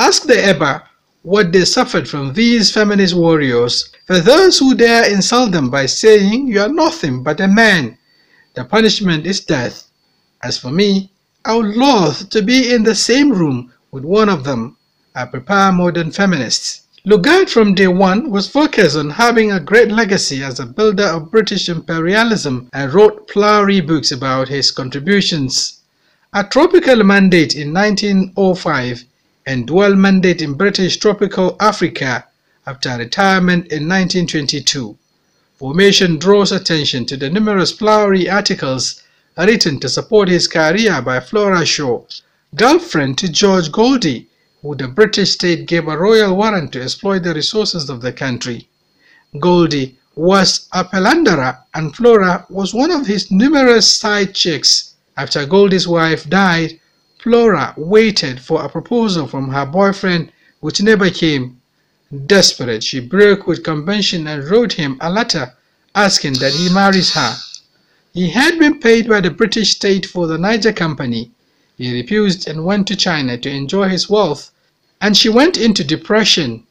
Ask the Eba what they suffered from these feminist warriors, for those who dare insult them by saying, You are nothing but a man. The punishment is death. As for me, I would loath to be in the same room with one of them. I prepare modern feminists. Lugard from day one was focused on having a great legacy as a builder of British imperialism and wrote flowery books about his contributions. A tropical mandate in 1905 and dual mandate in British tropical Africa after retirement in 1922. Formation draws attention to the numerous flowery articles written to support his career by Flora Shaw, girlfriend to George Goldie, who the British state gave a royal warrant to exploit the resources of the country. Goldie was a palanderer, and Flora was one of his numerous side chicks after Goldie's wife died Flora waited for a proposal from her boyfriend, which never came. Desperate, she broke with convention and wrote him a letter asking that he marries her. He had been paid by the British state for the Niger Company. He refused and went to China to enjoy his wealth, and she went into depression.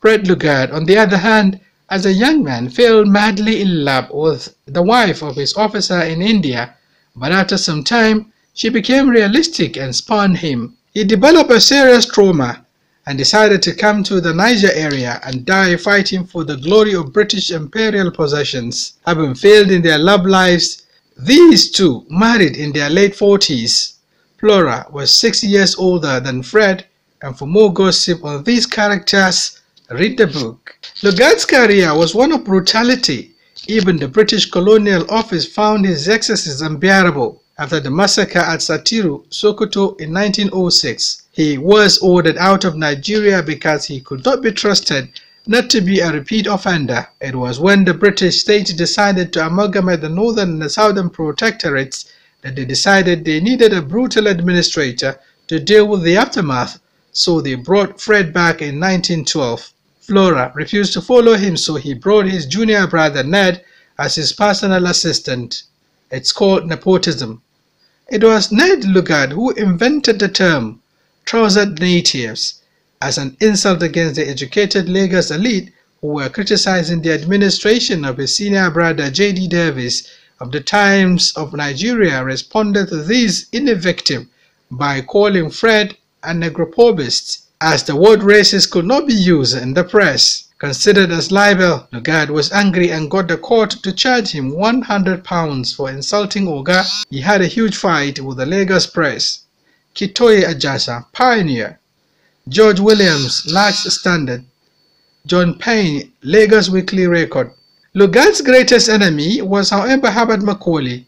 Fred Lugard, on the other hand, as a young man, fell madly in love with the wife of his officer in India, but after some time, she became realistic and spurned him. He developed a serious trauma and decided to come to the Niger area and die fighting for the glory of British imperial possessions. Having failed in their love lives, these two married in their late 40s. Flora was six years older than Fred, and for more gossip on these characters, read the book. Lugard's career was one of brutality. Even the British colonial office found his excesses unbearable. After the massacre at Satiru, Sokoto in 1906, he was ordered out of Nigeria because he could not be trusted not to be a repeat offender. It was when the British state decided to amalgamate the northern and the southern protectorates that they decided they needed a brutal administrator to deal with the aftermath, so they brought Fred back in 1912. Flora refused to follow him, so he brought his junior brother Ned as his personal assistant. It's called nepotism. It was Ned Lugard who invented the term trousered natives as an insult against the educated Lagos elite who were criticizing the administration of his senior brother J.D. Davis of the Times of Nigeria responded to this invective by calling Fred a negropobist as the word racist could not be used in the press. Considered as libel, Lugard was angry and got the court to charge him £100 for insulting Oga. He had a huge fight with the Lagos press. Kitoye Ajasa, pioneer. George Williams, last standard. John Payne, Lagos Weekly Record. Lugard's greatest enemy was, however, Herbert Macaulay,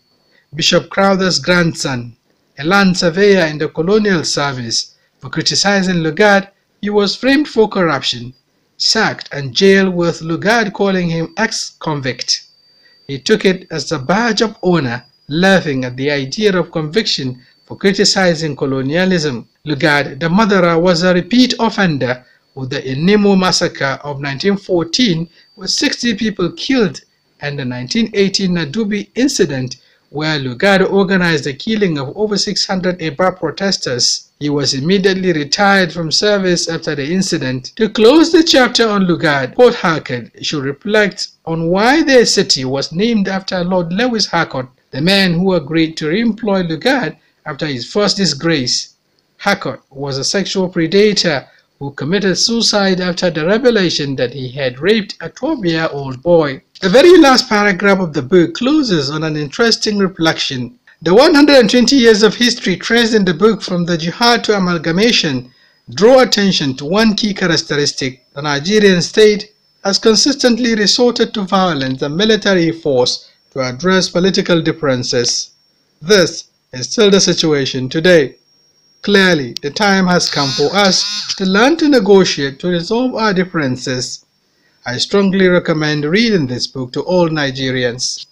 Bishop Crowther's grandson, a land surveyor in the colonial service. For criticizing Lugard, he was framed for corruption sacked and jailed with Lugard calling him ex-convict. He took it as a badge of honor, laughing at the idea of conviction for criticizing colonialism. Lugard, the murderer, was a repeat offender with the Enemo massacre of 1914 with 60 people killed and the 1918 Nadubi incident where Lugard organized the killing of over 600 Eba protesters. He was immediately retired from service after the incident. To close the chapter on Lugard, Port Harcourt should reflect on why their city was named after Lord Lewis Harcourt, the man who agreed to re-employ Lugard after his first disgrace. Harcourt was a sexual predator who committed suicide after the revelation that he had raped a 12-year-old boy. The very last paragraph of the book closes on an interesting reflection. The 120 years of history traced in the book from the jihad to amalgamation draw attention to one key characteristic. The Nigerian state has consistently resorted to violence and military force to address political differences. This is still the situation today. Clearly, the time has come for us to learn to negotiate to resolve our differences. I strongly recommend reading this book to all Nigerians.